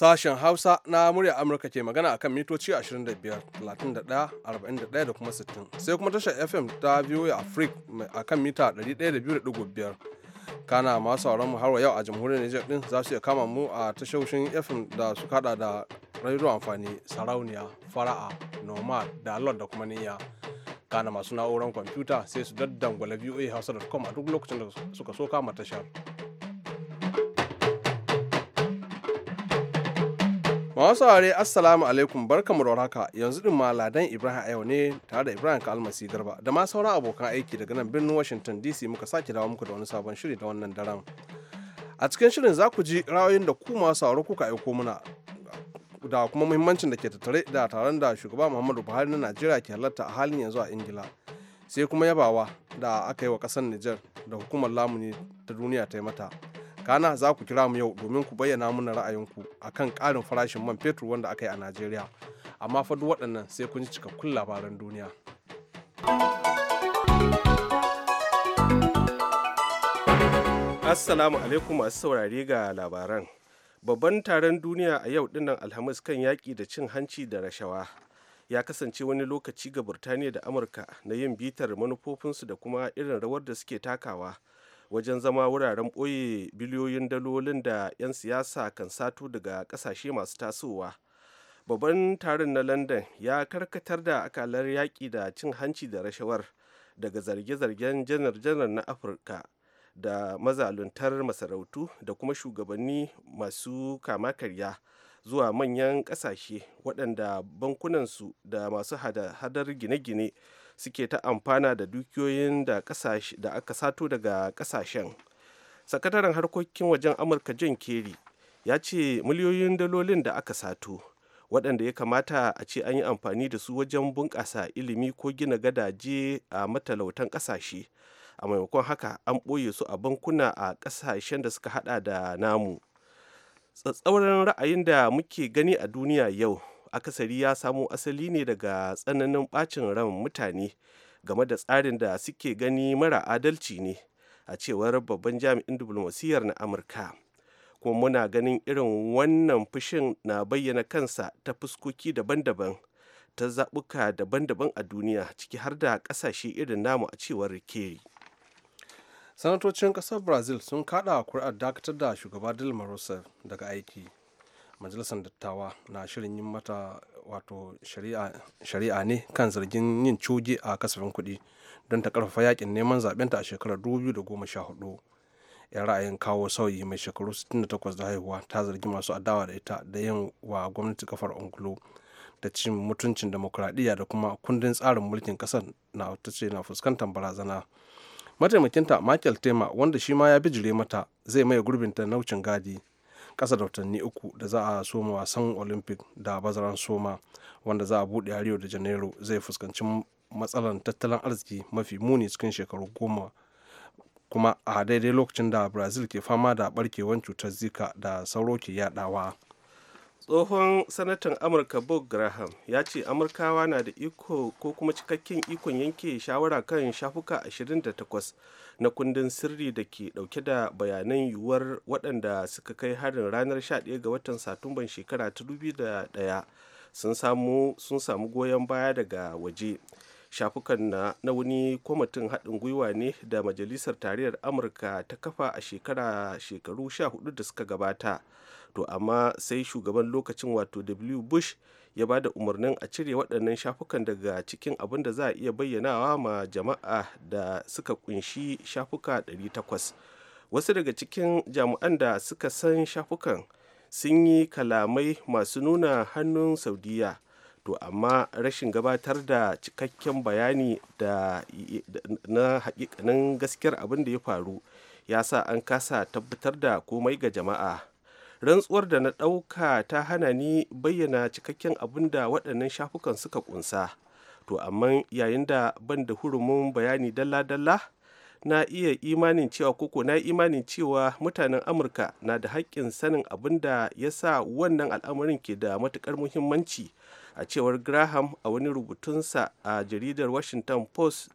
Sashen Hausa na murya Amurka ke magana akan mitoci 25, 31, 41 da kuma 60. Sai kuma tashar FM ta VOA Africa akan mita 102.5. Kana masu sauran mu har yau a jamhuriyar Nijar din za su iya kama mu a tashoshin FM da su kada da rairu amfani sarauniya, fara'a, nomad, lord da kuma niyya. kana masu na'urar kwamfuta sai su daddangwala voa hausa.com a duk lokacin da suka so kama tashar. Masu aure assalamu alaikum barkamu da haka yanzu din ma ladan Ibrahim a yau ne tare da Ibrahim Kalmasi Garba da ma sauran abokan aiki daga nan birnin Washington DC muka sake dawo muku da wani sabon shiri da wannan daren. A cikin shirin za ku ji ra'ayoyin da ku masu aure kuka aiko mana da kuma muhimmancin da ke tattare da taron da shugaba Muhammadu Buhari na Najeriya ke halarta a halin yanzu a Ingila. Sai kuma yabawa da aka yi wa ƙasar niger da hukumar lamuni ta duniya ta yi mata. kana za ku kira mu yau domin ku bayyana mana ra'ayinku kan ƙarin farashin man fetur wanda aka yi a najeriya amma fa duk waɗannan sai kun ji cikakkun labaran duniya assalamu alaikum masu saurari ga labaran babban taron duniya a yau dinnan alhamis kan yaƙi da cin hanci da rashawa ya kasance wani lokaci ga burtaniya da amurka na yin bitar manufofinsu da kuma irin rawar da suke takawa wajen zama wuraren ɓoye biliyoyin dalolin da 'yan siyasa kan sato daga ƙasashe masu tasowa babban taron na london ya karkatar da akalar yaƙi da cin hanci da rashawar daga zarge-zargen janar-janar na afirka da mazaluntar masarautu da kuma shugabanni masu kama karya zuwa manyan ƙasashe waɗanda bankunansu da masu hadar gine-gine suke ta amfana da dukiyoyin da aka sato daga kasashen sakataren harkokin wajen amurka john kerry ya ce miliyoyin dalolin da aka sato waɗanda ya kamata a ce an yi amfani da su wajen bunƙasa ilimi ko gina gadaje a matalautan ƙasashe a maimakon haka an ɓoye su a bankuna a ƙasashen da suka hada da namu tsatsauran ra'ayin da muke gani a duniya yau akasari ya samo asali ne daga tsananin bacin ran mutane game da tsarin da suke gani mara adalci ne a cewar babban jami'in diplomasiyyar na amurka kuma muna ganin irin wannan fushin na bayyana kansa ta fuskoki daban-daban ta zaɓuka daban-daban a duniya ciki har da ƙasashe irin namu a cewar rikeri sanatocin ƙasar brazil sun kaɗa kuri'ar dakatar da shugaba dilma rousseff daga aiki majalisar dattawa na shirin yin mata wato shari'a ne kan zargin yin coge a kasafin kuɗi don ta karfafa yakin neman zaɓenta a shekarar 2014 yan ra'ayin kawo sauyi mai shekaru 68 da haihuwa ta zargi masu adawa da ita da yin wa gwamnati kafar ongulo da cin mutuncin demokuraɗiyya da kuma kundin tsarin mulkin ƙasar na ta ce na fuskantar barazana mataimakinta michael tema wanda shi ma ya bijire mata zai maye gurbin gurbinta naucin gadi kasa da watanni uku da za a soma wasan olympic da bazaran soma wanda za a buɗe a rio de janeiro zai fuskanci matsalar tattalin arziki mafi muni cikin shekaru goma kuma a daidai lokacin da brazil ke fama da barkewar cutar zika da sauro ke yadawa tsohon sanatan amurka bob graham ya ce amurkawa na da iko ko kuma cikakken ikon yanke shawara kan shafuka 28 na kundin sirri da ke dauke da bayanan yiwuwar waɗanda suka kai harin ranar 11 ga watan satumban shekara 2001 sun samu goyon baya daga waje shafukan na, na wani kwamitin haɗin gwiwa ne da majalisar tarayyar amurka ta kafa a shekara shekaru 14 da suka gabata to amma sai shugaban lokacin wato w bush ya ba da umarnin a cire waɗannan shafukan daga cikin abin da za a iya bayyanawa ma jama'a da suka kunshi shafuka 800 wasu daga cikin jami'an da suka san shafukan sun yi kalamai masu nuna hannun saudiya to amma rashin gabatar da cikakken bayani da na hakikanin gaskiyar abin da ya faru ya sa an kasa tabbatar da komai ga jama'a rantsuwar da na ɗauka ta hana ni bayyana cikakken abin da waɗannan shafukan suka ƙunsa to amma yayin da ban da hurumin bayani dalla-dalla na iya imanin cewa koko na imanin cewa mutanen amurka na da haƙƙin sanin abin da ya sa wannan al'amarin ke da matuƙar muhimmanci a cewar graham a wani rubutunsa a jaridar washington post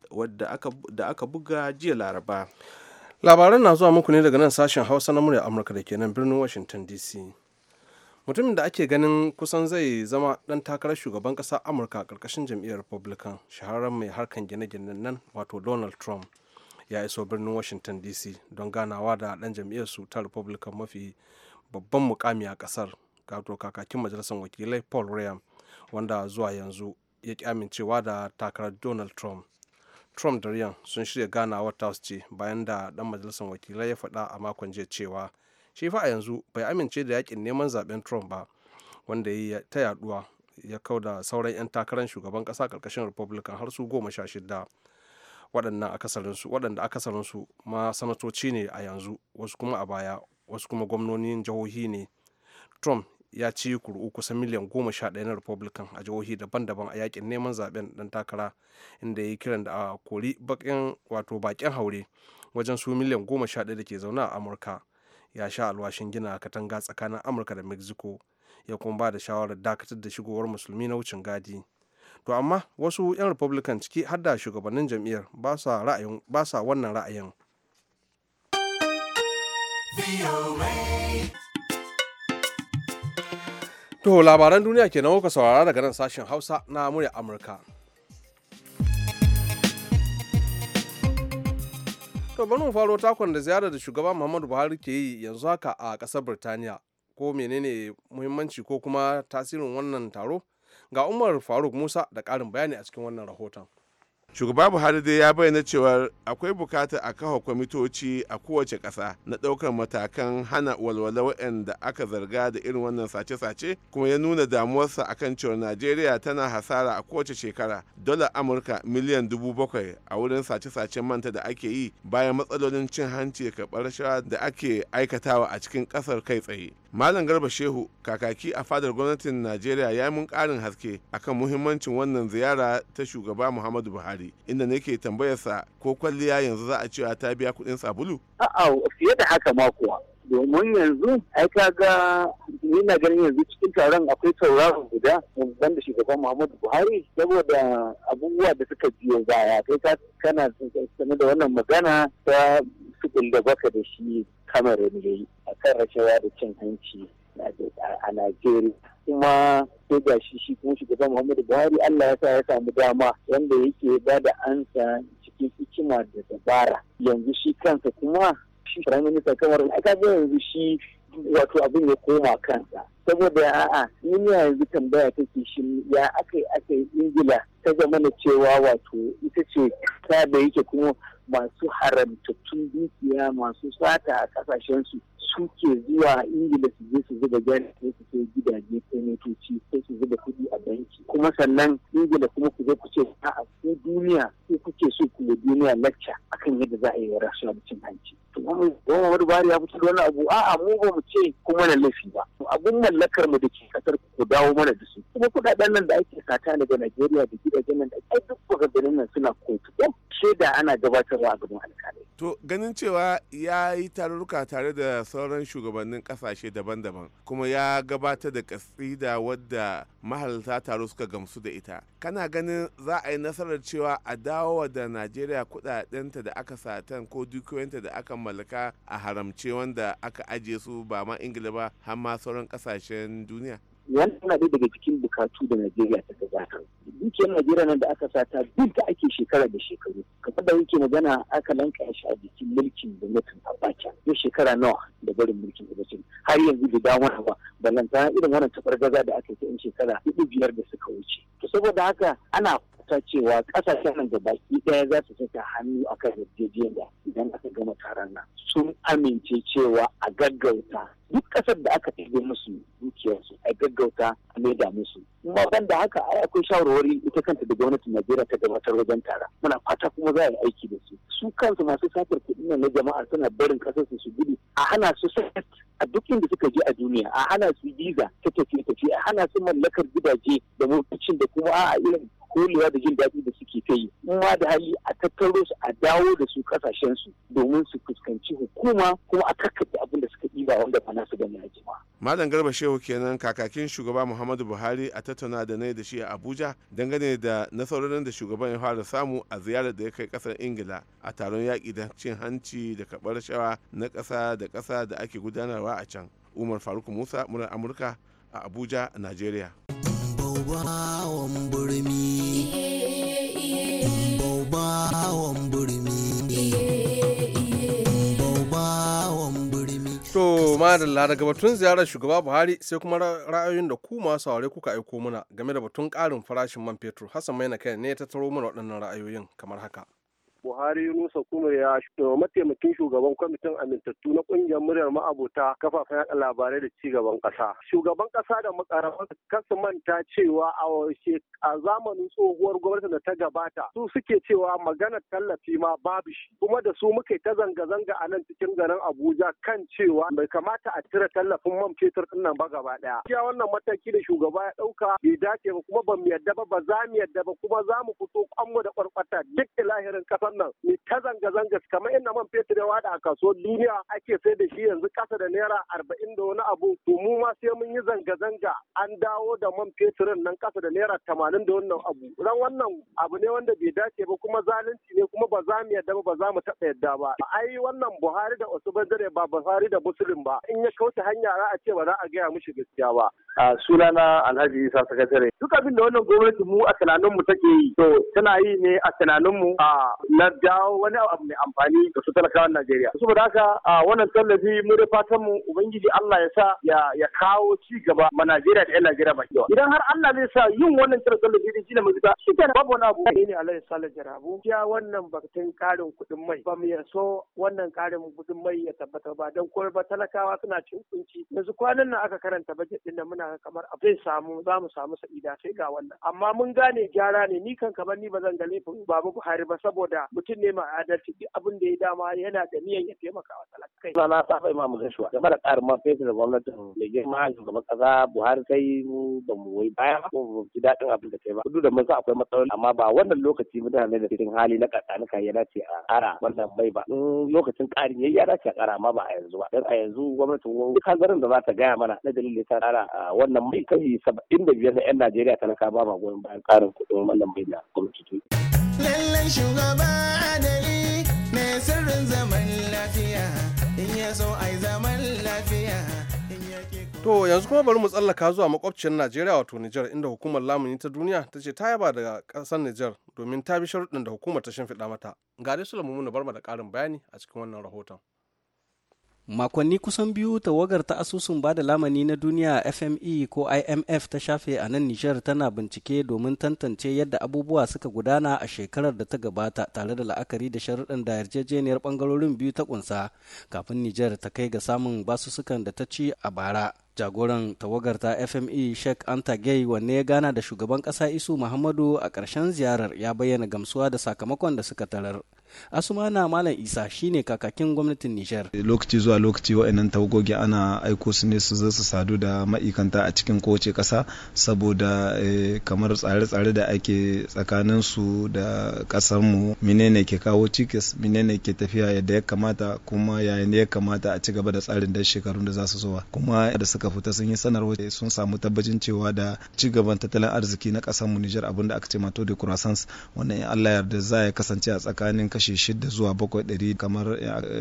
da aka buga jiya laraba labaran na zuwa muku ne daga nan sashen hausa na murya amurka da ke nan birnin washington dc mutumin da ake ganin kusan zai zama dan takarar shugaban kasa amurka a karkashin jam'iyyar republican shahararren mai harkan gine-ginen nan wato donald trump ya iso birnin washington dc don ganawa da dan jam'iyyar su ta republican mafi babban mukami a kasar gato kakakin majalisar wakilai paul ryan wanda zuwa yanzu ya ki amincewa da takarar donald trump trump da ryan sun shirya gana ganawar house ce bayan da dan majalisar wakilai ya faɗa a makon jiya cewa shi fa a yanzu bai amince da yakin neman zaben trump ba wanda ya ta yaduwa ya kauda sauran 'yan takarar shugaban ƙasa karkashin republican har su goma sha shida waɗannan akasarinsu waɗanda akasarinsu ma sanatoci ne a yanzu wasu kuma a baya wasu kuma gwamnonin jihohi ne trump ya ci kuru'u kusan miliyan goma sha ɗaya na republican a jihohi daban-daban a yakin neman zaben ɗan takara inda ya yi kiran da a kori bakin wato bakin haure wajen su miliyan goma sha ɗaya da ke zaune a amurka ya sha alwashin gina katanga tsakanin amurka da mexico ya kuma ba da shawarar dakatar da shigowar musulmi na wucin gadi to amma wasu 'yan republican ciki har da shugabannin jam'iyyar ba sa wannan ra'ayin. To labaran duniya ke kuka saurara daga nan sashen Hausa na murya Amurka. To bari mu faro takon da ziyarar da shugaba Muhammadu Buhari ke yi yanzu haka a ƙasar Birtaniya. Ko menene muhimmanci ko kuma tasirin wannan taro? Ga Umar Faruk Musa da ƙarin bayani a cikin wannan rahoton. shugaba buhari dai ya bayyana cewa akwai bukata a kawo kwamitoci a kowace ƙasa na ɗaukar matakan hana walwala waɗanda aka zarga da irin wannan sace-sace kuma ya nuna damuwarsa akan cewa najeriya tana hasara a kowace shekara dola amurka miliyan dubu bakwai a wurin sace sace manta da ake yi bayan matsalolin cin hanci da karɓar da ake aikatawa a cikin ƙasar kai tsaye malam garba shehu kakaki a fadar gwamnatin najeriya ya yi mun ƙarin haske akan muhimmancin wannan ziyara ta shugaba muhammadu buhari Buhari inda nake tambayarsa ko kwalliya yanzu za a cewa ta biya kuɗin sabulu? A'a fiye da haka ma kuwa. domin yanzu ai ka ga ina ganin yanzu cikin taron akwai sauraron guda ban da shugaban Muhammadu Buhari saboda abubuwa da suka biyo baya kai ka kana sanar da wannan magana ta sukul da baka da shi kamar ne a kan rashawa da cin hanci a Najeriya kuma sai ga shi shi kuma shugaban muhammadu buhari allah ya sa ya samu dama wanda yake ba da ansa cikin hikima da dabara yanzu shi kansa kuma shi minista kamar a kaga yanzu shi wato abin ya koma kansa saboda a'a duniya yanzu tambaya ke shi ya aka yi aka yi ingila ta zama na cewa wato ita ce ta da yake kuma masu haramtattun dukiya masu sata a kasashensu suke zuwa ingila su je su zuba jari sai su sai gidaje ko motoci sai su zuba kuɗi a banki kuma sannan ingila kuma ku zo ku ce a'a ku duniya ku kuke so ku yi duniya lacca akan yadda za a yi rasuwa da cin hanci to wani bari ya fito wani abu a'a mu ba mu ce kuma na laifi ba abun mallakar mu da ke kasar ku dawo mana da su kuma kuɗaɗen nan da ake sata daga Najeriya da gidajen nan da ake duk kuɗaɗen nan suna kotu shaida ana gabatarwa a gaban alƙalai. To ganin cewa ya yi tarurruka tare da sauran shugabannin kasashe daban-daban kuma ya gabatar da kasida wadda mahalarta taro suka gamsu da ita kana ganin za a yi nasarar cewa a dawo da najeriya kudadenta da aka satan ko dukiyoyinta da aka mallaka a haramce wanda aka ajiye su ba ma ingila ba har ma sauran kasashen duniya Wani da daga cikin bukatu da Najeriya ta gabata. Duke Najeriya nan da aka sata duk da ake shekara da shekaru. Kamar da yake magana aka lanka shi a jikin mulkin gwamnatin Abacha. Yau shekara nawa da barin mulkin Abacha. Har yanzu da dawon ba. Ballantana irin wannan gaza da aka yi ta shekara hudu biyar da suka wuce. To saboda haka ana fata cewa kasashen nan da baki daya za su saka hannu a kan yarjejeniya idan aka gama taron nan sun amince cewa a gaggauta duk kasar da aka ɗige musu dukiyarsu a gaggauta a maida musu kuma ban da haka ai akwai shawarwari ita kanta da gwamnatin najeriya ta gabatar wajen tara muna fata kuma za a yi aiki da su su kansu masu satar kuɗi na jama'a suna barin kasar su su gudu a hana su sakat a duk inda suka je a duniya a hana su visa ta tafiye-tafiye a hana su mallakar gidaje da motocin da kuma a irin kolewa da jin daɗi da suke ta yi kuma da hali a tattaro su a dawo da su kasashen su domin su fuskanci hukuma kuma a kakkaɓe abin da suka ɗiba wanda ba nasu ba a jima. Malam Garba Shehu kenan kakakin shugaba Muhammadu Buhari a tattauna da nayi da shi a Abuja dangane da nasarorin da shugaban ya fara samu a ziyarar da ya kai kasar Ingila a taron yaƙi da cin hanci da kaɓar shawa na kasa da kasa da ake gudanarwa a can. Umar Faruk Musa, murar Amurka a Abuja, Najeriya. baubawan burmi baubawan to batun ziyarar shugaba buhari sai kuma ra'ayoyin da ku masu aure kuka aiko mana, game da batun karin farashin man fetur hassan maina kai ne ya tattaro mana waɗannan ra'ayoyin kamar haka Buhari Yunusa kuma ya mataimakin shugaban kwamitin amintattu na kungiyar muryar ma'abota kafafen yaɗa labarai da gaban ƙasa. Shugaban ƙasa da makarabar kasu manta cewa a zamanin tsohuwar gwamnati da ta gabata su suke cewa maganar tallafi ma babu shi kuma da su muka ta zanga-zanga a nan cikin garin Abuja kan cewa bai kamata a cire tallafin man fetur din nan ba gaba ɗaya. Kiya wannan mataki da shugaba ya ɗauka bai dace ba kuma ba mu yadda ba ba za mu yadda ba kuma za mu fito kwanmu da kwarkwata duk ilahirin ƙasar ƙasar nan ni ta zanga-zanga kamar inda man fetur ya wada a kasuwar duniya ake sai da shi yanzu kasa da naira arba'in da wani abu to mu ma sai mun yi zanga-zanga an dawo da man fetirin nan kasa da naira tamanin da wannan abu ran wannan abu ne wanda bai dace ba kuma zalunci ne kuma ba za mu yadda ba ba za mu taɓa yadda ba ai wannan Buhari da Usman Dare ba Buhari da Musulun ba in ya kauce hanya za a ce ba za a gaya mishi gaskiya ba a sunana Alhaji Isa sakatare duk abin da wannan gwamnati mu a tunanin mu take yi to tana yi ne a tunanin mu a na jawo wani abu mai amfani ga su talakawan Najeriya. Saboda haka a wannan tallafi mu da fatan mu ubangiji Allah ya sa ya kawo ci gaba ma Najeriya da 'yan Najeriya baki Idan har Allah zai sa yin wannan tallafi din shi ne mu zuba shi kenan babu wani abu. Ni ne Alhaji Jarabu. Ya wannan batun karin kuɗin mai ba mu so wannan karin kuɗin mai ya tabbata ba don koyar ba talakawa suna cin kunci. Yanzu kwanan nan aka karanta bajet din da muna kamar zai samu za mu samu sa'ida sai ga wannan. Amma mun gane gyara ne ni kan kamar ni ba zan ga laifin Baba Buhari ba saboda mutum ne mai adalci duk abin da ya dama yana da niyan ya taimaka wa talakai. Sana ta fai ma mu gaisuwa game da karin ma fesa da gwamnatin da girma shugaban kasa Buhari kai mu ba mu wai baya ko mu ji daɗin abin da kai ba. Duk da mun san akwai matsaloli amma ba wannan lokaci mutane da cikin hali na kakanika ya dace a ƙara wannan bai ba. In lokacin ya yi ya dace a ƙara amma ba a yanzu ba. Dan a yanzu gwamnatin wani hanzarin da za ta gaya mana na dalilin ta ƙara wannan mai kai saba'in da biyar na 'yan Najeriya talaka ba ma goyon bayan ƙarin kuɗin wannan bai na gwamnati. lallan shugaba adali ne sirrin zaman lafiya in ya so ai zaman lafiya To yanzu kuma bari mu tsallaka zuwa makwabcin Najeriya wato Nijar inda hukumar lamuni ta duniya ta ce ta yaba daga kasar Nijar domin ta bi sharuɗin da hukumar ta shimfiɗa mata. Ga dai Sulaimu mu bar da ƙarin bayani a cikin wannan rahoton. makonni kusan biyu tawagar ta asusun ba da lamani na duniya fme ko imf ta shafe a nan nijar tana bincike domin tantance yadda abubuwa suka gudana a shekarar da ta gabata tare da la'akari da sharuɗan da yarjejeniyar ɓangarorin biyu ta ƙunsa kafin nijar ta kai ga samun basussukan da ta ci a bara jagoran tawagar ta fme sheikh anta gay wanne ya gana da shugaban kasa isu muhammadu a karshen ziyarar ya bayyana gamsuwa da sakamakon da suka tarar asumana malam isa shine kakakin gwamnatin nijar lokaci zuwa lokaci wa'annan tawagogi ana aiko su ne su su sadu da ma'ikanta a cikin kowace kasa saboda eh, kamar tsare-tsare da ake tsakanin su da kasar mu menene ke kawo cikis menene ke tafiya yadda ya kamata kuma yayin da ya kamata a ci gaba da tsarin da shekarun da za su zuwa kuma da suka fita sun yi sanarwa sun samu tabbacin cewa da ci gaban tattalin arziki na kasar mu Nijar da aka ce mato de croissance wannan in Allah yarda za ya kasance a tsakanin kashi 6 zuwa 7 ɗari kamar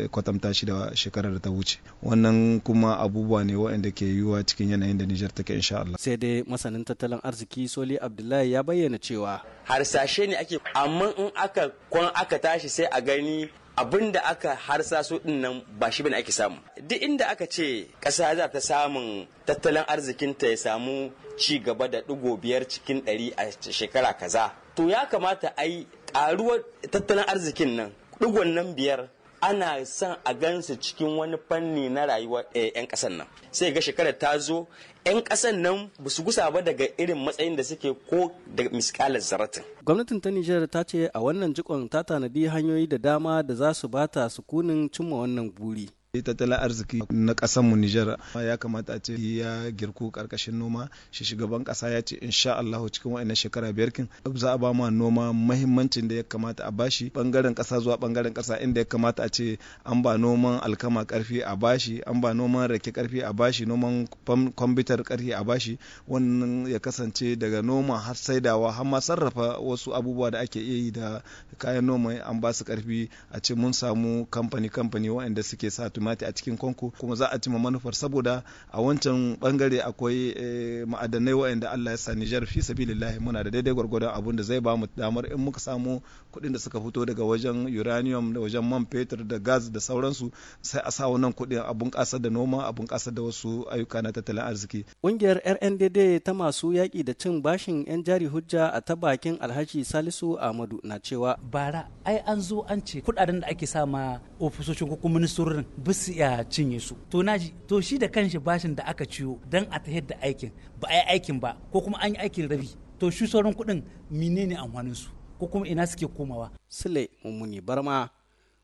kwatanta shi da shekarar da ta wuce wannan kuma abubuwa ne waɗanda ke yiwuwa cikin yanayin da Nijar take insha Allah sai dai masanin tattalin arziki Soli Abdullahi ya bayyana cewa harsashe ne ake amma in aka kwan aka tashi sai a gani abin da aka harsa su din nan ba shi bane ake samu duk inda aka ce ƙasa za ta samun tattalin arzikinta ya samu ci gaba da ɗigo biyar cikin ɗari a shekara kaza to ya kamata ai ƙaruwar tattalin arzikin nan ɗigon nan biyar ana son a gansu cikin wani fanni na rayuwar 'yan eh, ƙasar nan sai ga shekarar ta zo 'yan ƙasar nan ba su gusa ba daga irin matsayin da suke ko da miskalar zaratin. Gwamnatin ta Nijar ta ce a wannan jikon ta tanadi hanyoyi da dama da za su bata sukunin cimma wannan buri. tattalin arziki na ƙasar mu Nijar ya kamata ce ya girku karkashin noma shi shugaban ƙasa ya ce insha Allah cikin wa'annan shekara biyar kin za a ba mu noma muhimmancin da ya kamata a bashi bangaren ƙasa zuwa bangaren ƙasa inda ya kamata a ce an ba noman alkama karfi a bashi an ba noman rake karfi a bashi noman kwambitar karfi a bashi wannan ya kasance daga noma har saidawa har ma sarrafa wasu abubuwa da ake iya yi da kayan noma an ba su karfi a ce mun samu kamfani kamfani wa'anda suke sa kimati a cikin konko kuma za a cima manufar saboda a wancan bangare akwai eh, ma'adanai waɗanda Allah ya sa Nijar fi sabilillahi muna da daidai gwargwadon abun da zai ba mu damar in muka samu kuɗin da suka fito daga wajen uranium da wajen man fetur da gas da sauransu sai a sa wannan kuɗin a bunƙasa da noma a bunƙasa da wasu ayyuka na tattalin arziki. Ƙungiyar RNDD ta masu yaƙi da cin bashin 'yan jari hujja a ta bakin Alhaji Salisu Ahmadu na cewa bara ai an zo an ce kuɗaɗen da ake sama ofisoshin ko kuma ministorin ba su iya cinye su to naji to shi da kanshi bashin da aka ciwo dan a tahiyar da aikin ba a yi aikin ba ko kuma an yi aikin rabi to shi sauran kuɗin menene amfanin su ko kuma ina suke komawa sule mummuni barma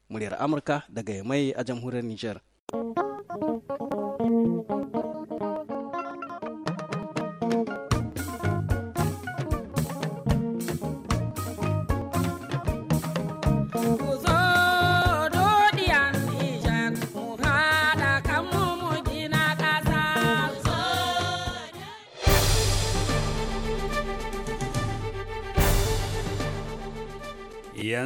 muryar amurka daga mai a jamhuriyar niger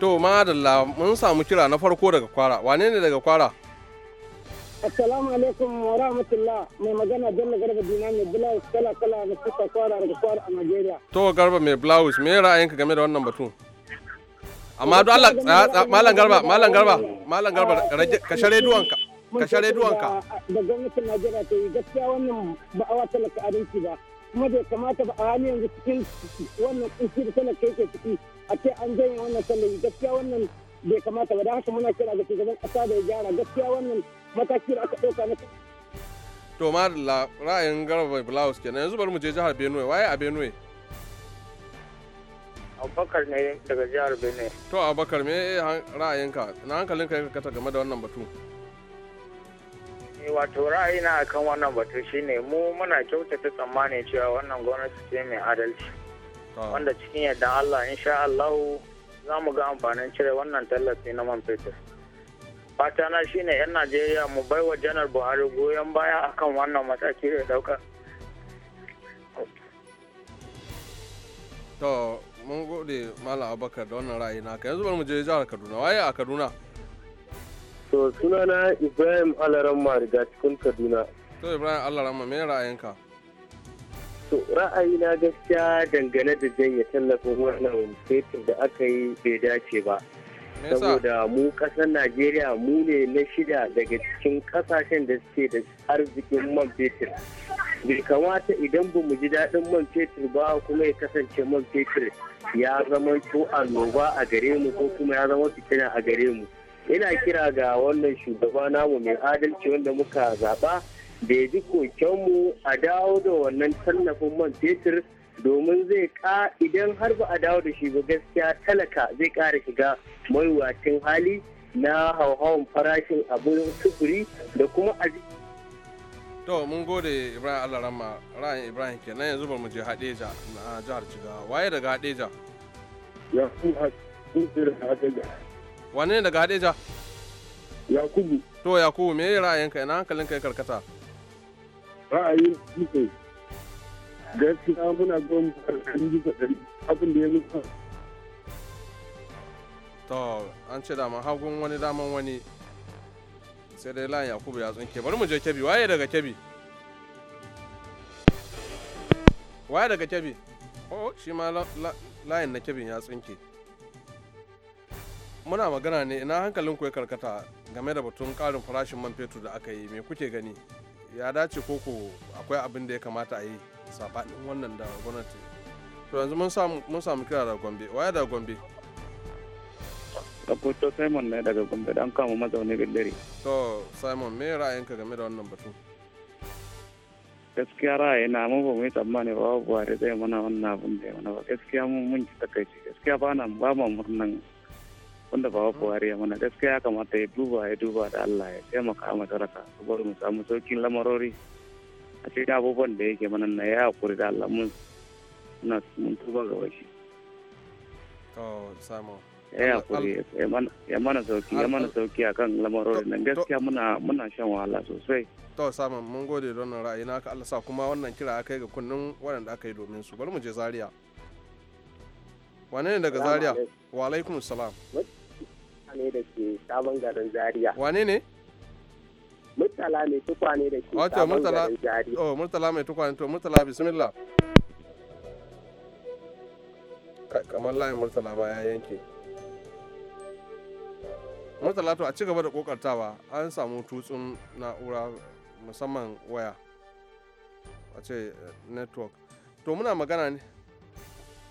To madalla mun samu kira na farko daga kwara. Wane ne daga kwara? Assalamu alaikum wa rahmatullah mai magana Bello Garba Dina mai blouse kala kala na suka kwara daga kwara a Najeriya. To Garba mai blouse me ra'ayinka game da wannan batu? Amma eh, don Allah eh, malam Garba malam Garba malam Garba ah, ka share duwanka. Ka share duwanka. Da gwamnatin Najeriya ta yi gaskiya wannan ba a wata laka adalci ba. Kuma bai kamata ba a halin yanzu cikin wannan kunshi da talaka yake ciki a ce an janye wannan tallafi gaskiya wannan bai kamata ba da haka muna kira ga shugaban kasa da ya gyara gaskiya wannan mataki da aka ɗauka na to ma ra'ayin garba blouse kenan yanzu bari mu je jihar benue waye a benue abubakar ne daga jihar benue to abubakar me ra'ayinka na hankalinka ya kata game da wannan batu eh, wato ra'ayina akan wannan batu shine mu muna kyautata tsammanin cewa wannan gwamnati ce mai adalci Ah. wanda cikin yadda Allah insha Allah za mu ga amfanin cire wannan tallafi na man fetur. Fatana shine 'yan Najeriya mu bai wa Janar Buhari goyon baya akan wannan mataki da dauka. To mun gode mala Abubakar da wannan ra'ayi naka yanzu bari mu je jihar Kaduna waye a Kaduna. To sunana Ibrahim Alaramma daga cikin Kaduna. To Ibrahim Alaramma me ra'ayinka? To ra'ayina gaskiya dangane da janye tallafin wannan fetur da aka yi bai dace ba. Saboda mu kasar Najeriya mu ne na shida daga cikin kasashen da suke da arzikin man fetur. Bai kamata idan ba mu ji daɗin man fetur ba kuma ya kasance man fetur ya zama to annoba a gare mu ko kuma ya zama fitina a gare mu. Ina kira ga wannan shugaba namu mai adalci wanda muka zaɓa. da ya ji kokenmu a dawo da wannan tallafin man fetur domin zai ka idan har ba a dawo da shi ba gaskiya talaka zai kara shiga mawuyacin hali na hauhawan farashin abin sufuri da kuma a to mun gode ibrahim rama ra'ayin ibrahim kenan yanzu ba mu je hadeja na jihar jigawa waye daga hadeja ya hadeja wane daga hadeja yakubu to yakubu me ra'ayinka ina hankalinka ya karkata ra'ayin jiko gaskiya muna gwamnati ƙarƙarin da ɗari abin da ya mutu to an ce dama hagun wani daman wani sai dai layin yakubu ya tsunke bari mu je kebi waye daga kebi waye daga kebi oh, oh shi ma layin na kebin ya tsunke muna magana ne ina ku ya karkata game da batun karin farashin man fetur da aka yi me kuke gani ya dace ko ko akwai abin da ya kamata a yi sabanin wannan da gwamnati to yanzu mun samu kira da gombe waya da gombe Abuto Simon ne daga Gombe dan kama mazauni bindiri. To Simon me ra'ayinka game da wannan batun. Gaskiya ra'ayi na mun ba mu yi tsammani ba Buhari zai mana wannan abin da ya mana ba gaskiya mun mun ji takaici gaskiya ba na ba mu murnan wanda ba buhari ya mana gaskiya kamata ya duba ya duba da allah ya taimaka a talaka saboda mu samu saukin lamarori a cikin abubuwan da yake mana na ya hakuri da allah mun na mun tuba ga shi ya hakuri ya mana sauki ya mana sauki a kan lamarori nan gaskiya muna muna shan wahala sosai to samun mun gode don ra'ayi na ka allah sa kuma wannan kira aka yi ga kunnen waɗanda aka yi domin su bari mu je zaria wane ne daga zaria wa alaikum salam ne da ke sabon garin Zaria. Wane ne? Murtala mai tukwane da ke sabon garin Zaria. Oh, Murtala mai tukwane to Murtala bismillah. Kamar layin Murtala ba ya yanke. Murtala to a ci gaba da kokartawa an samu tutsun na'ura musamman waya. A ce eh, network. To muna magana ne.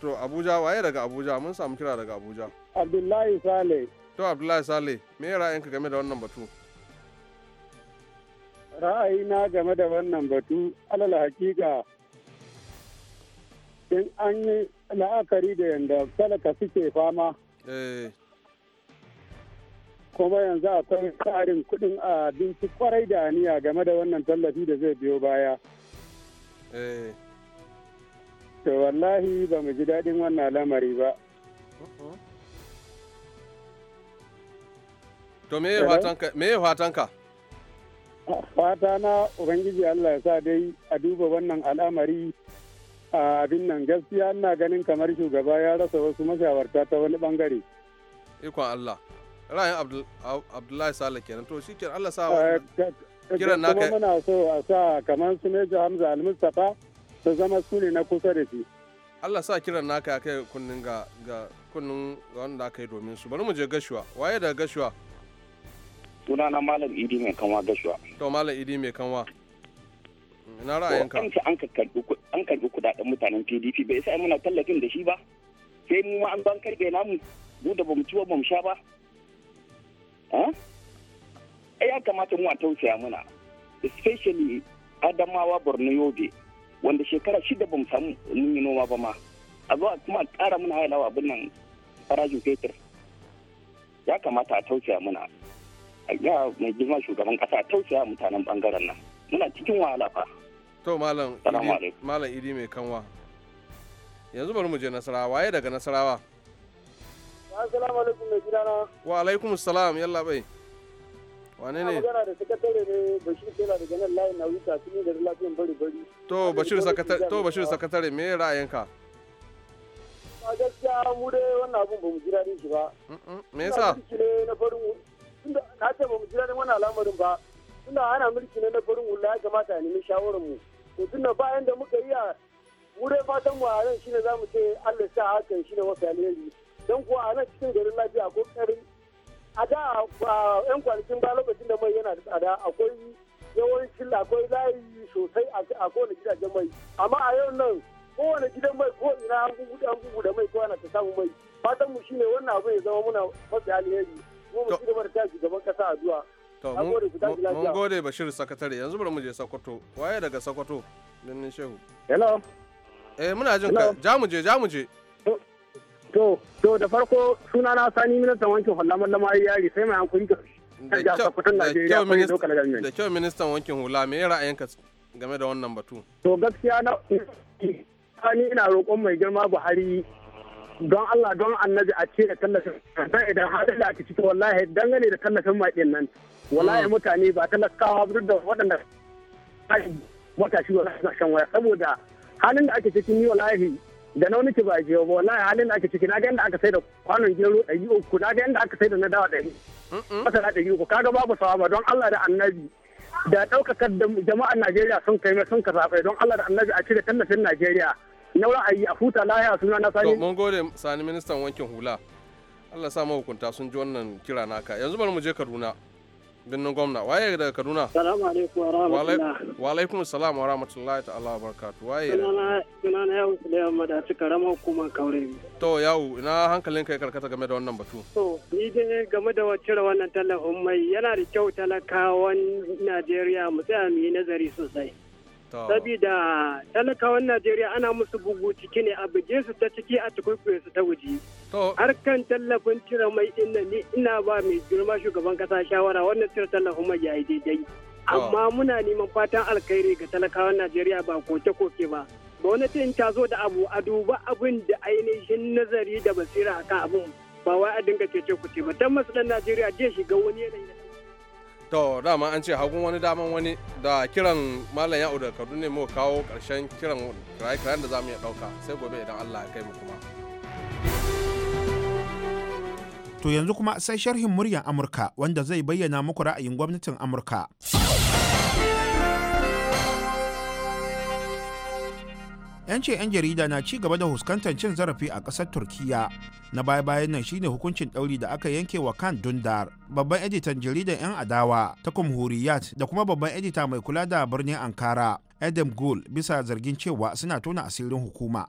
To Abuja waye daga Abuja mun samu kira daga Abuja. Abdullahi Saleh. to abdullahi sale me ra'ayinka game da wannan batu ra'ayina game da wannan batu alal hakika in an yi la'akari da yadda talaka suke fama eh. kuma yanzu akwai karin kudin abinci kwarai da aniya game da wannan tallafi da zai biyo baya eh. to wallahi ba mu ji daɗin wannan lamari ba To me ya fatanka? Fata na Ubangiji Allah ya sa dai a duba wannan al'amari a abin nan gaskiya ina ganin kamar shugaba ya rasa wasu mashawarta ta wani bangare. Ikon Allah. Ra'ayin Abdullahi Sala kenan to shi kenan Allah sa kiran naka. Kuma muna so a sa kamar su Major Hamza Al-Mustapha su zama su ne na kusa da shi. Allah sa kiran naka ya kai kunnin ga kunnin wanda aka yi domin su bari mu je gashuwa waye da gashuwa. suna na malam idi mai kanwa gashuwa to malam idi mai kanwa na ra'ayinka an ce an karbi kudaden mutanen pdp bai sai muna tallafin da shi ba sai mu ma an ban karbe namu mu da bamu ci bamu sha ba eh ya kamata mu a tausaya muna especially adamawa borno yobe wanda shekara shida bamu samu mun noma ba ma a zo kuma ƙara muna hayalawa abin nan farajin fetur ya kamata a tausaya muna ya mai girma shugaban kasa tausaya mutanen bangaren nan muna cikin wahala fa to malam malam idi mai kanwa yanzu bari mu je nasarawa waye daga nasarawa assalamu alaikum mai gidana wa alaikum salam yalla bai wane ne magana da sakatare ne bashir kela daga nan layin nauyuka sun yi da lafiyan bari bari to bashir sakatare to bashir sakatare me ra'ayinka a gaskiya mu dai wannan abun ba mu ji daɗin shi ba me yasa na farin tunda na ce ba mu jira wani al'amarin ba tunda ana mulki ne na farin wula ya kamata a nemi shawarar mu to tunda bayan da muka yi a mu fatan mu a nan shine zamu ce Allah sa hakan shine wasu alheri don kuwa a nan cikin garin lafiya ko ƙoƙarin a da yan kwanakin ba lokacin da mai yana da tsada akwai yawancin akwai layi sosai a kowane gidajen mai amma a yau nan kowane gidan mai ko ina an bugu da mai ko ana ta samu mai fatan mu shine wannan abu ya zama muna mafi alheri to mun gode bashir sakatare yanzu bari mu je sokoto waye daga sokoto birnin shehu hello eh muna jin ka ja mu je ja mu je to to da farko suna na sani ministan wankin hula mallama yi sai mai hankali da da kyau ministan wankin hula me ra'ayinka game da wannan batu to gaskiya na ni ina roƙon mai girma Buhari don Allah don annabi a ce da tallafin dan idan halin da ake cikin wallahi dangane da tallafin maɗin nan wallahi mm. mutane ba talakawa duk da waɗanda wata shi wallahi suna shan waya saboda halin da ake cikin ni wallahi da na wani ba jiyo ba wallahi halin da ake cikin na ga aka sai da kwanon gero ɗari uku na ga yadda aka sai da na dawa ɗari masana ɗari uku kaga babu sawa ba don Allah da annabi da ɗaukakar jama'ar Najeriya sun kai mai sun ka zaɓe don Allah da annabi a cire tallafin Najeriya na ra'ayi a futa laya suna na sani. mun gode sani ministan wankin hula. Allah sa mahukunta sun ji wannan kira naka. Yanzu bari mu je Kaduna. Binnin gwamna. Waye daga Kaduna? Salamu alaikum wa rahmatullahi. alaikum salam wa rahmatullahi ta'ala wa barakatuh. Waye? Sunana yawo da Madaci karamar kuma Kaure. To yawo ina hankalin kai karkata game da wannan batu. To ni dai game da cire wannan tallafin mai yana da kyau talakawan Najeriya mu tsaya mu yi nazari sosai. Sabida talakawan Najeriya ana musu bugu ciki ne a buge su ta ciki a tukurkuye su ta waje. Harkan tallafin cire mai inna ni ina ba mai girma shugaban kasa shawara wannan cire tallafin mai yayi daidai. Amma muna neman fatan alkhairi ga talakawan Najeriya ba koke-koke ba. ba Gwamnatin ta zo da abu a duba abin da ainihin nazari da basira akan abin ba wai a dinga cece ku ce ba. Dan masu dan Najeriya je shiga wani yanayi to dama an ce hagun wani daman wani da kiran malam ya'u da kaduna mu kawo karshen kiran kiraye-kirayen da za mu iya ɗauka sai gobe idan allah ya kai mu kuma to yanzu kuma sai sharhin muryar amurka wanda zai bayyana muku ra'ayin gwamnatin amurka yance 'yan jarida na ci gaba da huskantar cin zarafi a ƙasar turkiya na baya-bayan nan shine hukuncin ɗauri da aka yanke wa kan dundar babban editan jaridar 'yan adawa ta kumhuriyat da kuma babban edita mai kula da birnin ankara adam gul bisa zargin cewa suna tona asirin hukuma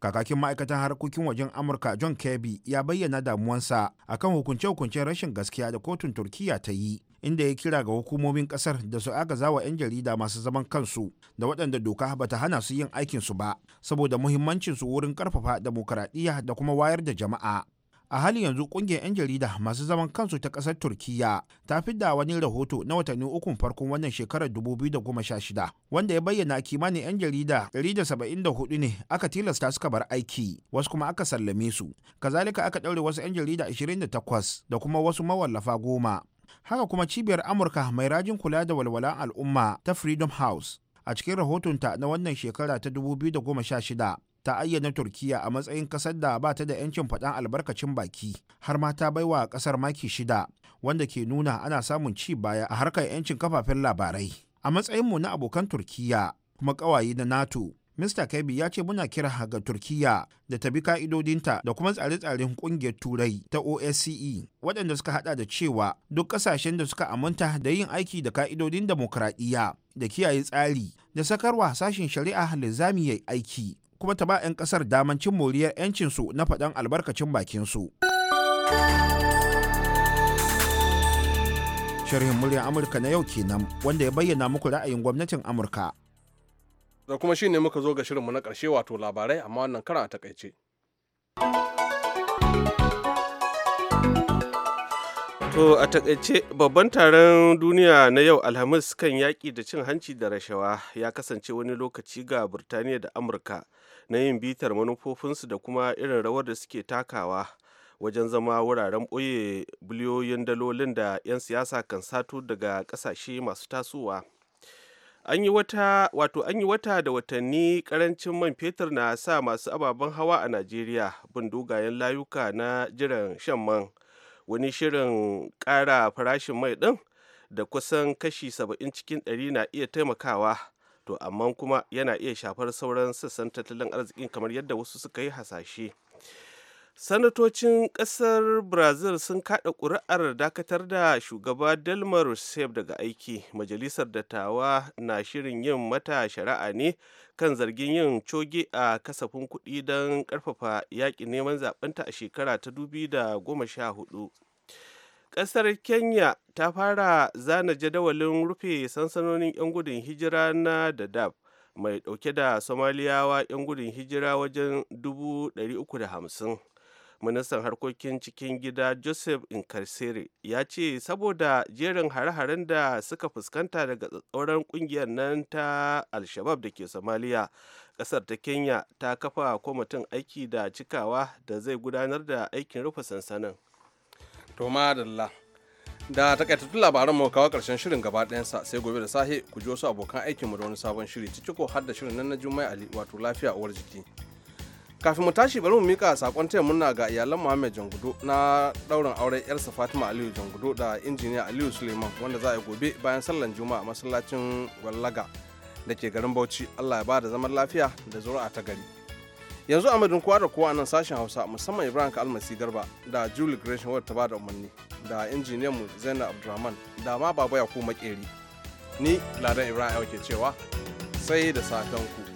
kakakin ma'aikatan harkokin wajen amurka john kirby ya bayyana damuwansa akan hukunce-hukuncen rashin gaskiya da kotun turkiya ta yi inda ya kira ga hukumomin kasar da su agaza wa 'yan jarida masu zaman kansu da waɗanda doka ba ta hana su yin aikinsu ba saboda muhimmancin su wurin karfafa demokaradiyya da kuma wayar da jama'a a hali yanzu kungiyar 'yan jarida masu zaman kansu ta kasar turkiya ta fidda wani rahoto na watanni ukun farkon wannan shekarar 2016 wanda ya bayyana kimanin 'yan jarida 174 ne aka tilasta suka bar aiki wasu kuma aka sallame su kazalika aka ɗaure wasu 'yan jarida 28 da kuma wasu mawallafa goma haka kuma cibiyar amurka mai rajin kula da walwalan al'umma ta freedom house a cikin rahotonta na wannan shekara ta 2016 ta ayyana turkiya a matsayin kasar da ba ta da 'yancin faɗan albarkacin baki har ma ta baiwa ƙasar maki shida wanda ke nuna ana samun ci baya a harkar 'yancin kafafen labarai a matsayinmu na abokan turkiya kuma ƙawaye na nato Mr. kirby ya ce muna kira ga Turkiyya da ta bi ka'idodinta da kuma tsare-tsaren kungiyar Turai ta OSCE waɗanda suka hada da cewa duk ƙasashen da suka aminta da yin aiki da ka'idodin demokradiyya da kiyaye tsari da sakarwa sashen shari'a da ya aiki kuma ta ba 'yan ƙasar daman cin moriyar 'yancinsu na faɗan albarkacin bakinsu. Sharhin muryar Amurka na yau kenan wanda ya bayyana muku ra'ayin gwamnatin Amurka. da kuma shine muka zo ga shirinmu na ƙarshe wato labarai amma wannan karan a takaice. To a takaice babban taron duniya na yau Alhamis kan yaƙi da cin hanci da rashawa ya kasance wani lokaci ga Burtaniya da Amurka na yin bitar manufofinsu da kuma irin rawar da suke takawa wajen zama wuraren ɓoye biliyoyin dalolin da 'yan siyasa kan sato daga ƙasashe masu tasowa. an yi wata wato an yi wata da watanni karancin man fetur na sa masu ababen hawa a najeriya bin dogayen layuka na jiran shan man wani shirin ƙara farashin mai ɗin da kusan kashi 70 cikin 100 na iya taimakawa to amma kuma yana iya shafar sauran sassan tattalin arzikin kamar yadda wasu suka yi hasashe sanatocin ƙasar brazil sun kaɗa ƙuri'ar dakatar da shugaba delmar rousseff daga aiki majalisar dattawa na shirin yin mata shari'a ne kan zargin yin coge a kasafin kuɗi don ƙarfafa yaƙi neman zaɓenta a shekara ta dubi da goma sha 2014 ƙasar kenya ta fara zana jadawalin rufe sansanonin 'yan gudun hijira na dadaab mai ɗauke da somaliyawa 'yan gudun hijira wajen 350 ministan harkokin cikin gida joseph inkarsere ya ce saboda jerin hare-haren da suka fuskanta daga tsatsauran kungiyar nan ta alshabab da ke somaliya kasar ta kenya ta kafa kwamitin aiki da cikawa da zai gudanar da aikin rufe sansanin da takaitattun labaran mu kawo karshen shirin gaba ɗayansa sai gobe da sahe ku ji wasu abokan aikinmu da wani sabon shiri ciki ko har da shirin nan na juma'a ali wato lafiya uwar jiki kafin mu tashi bari mu mika sakon taya murna ga iyalan Muhammad Jangudo na daurin auren yarsa Fatima Aliyu Jangudo da injiniya Aliyu Suleiman wanda za a yi gobe bayan sallan Juma'a a masallacin Wallaga da ke garin Bauchi. Allah ya bada zaman lafiya da zuri'a ta gari. Yanzu a madin kowa da kowa nan sashen Hausa musamman Ibrahim Kalmasi Garba da Julie Gresham wadda ta bada umarni da injiniyan mu Zainab Abdulrahman da ma Baba ko Makeri. Ni Ladan Ibrahim ke cewa sai da safen ku.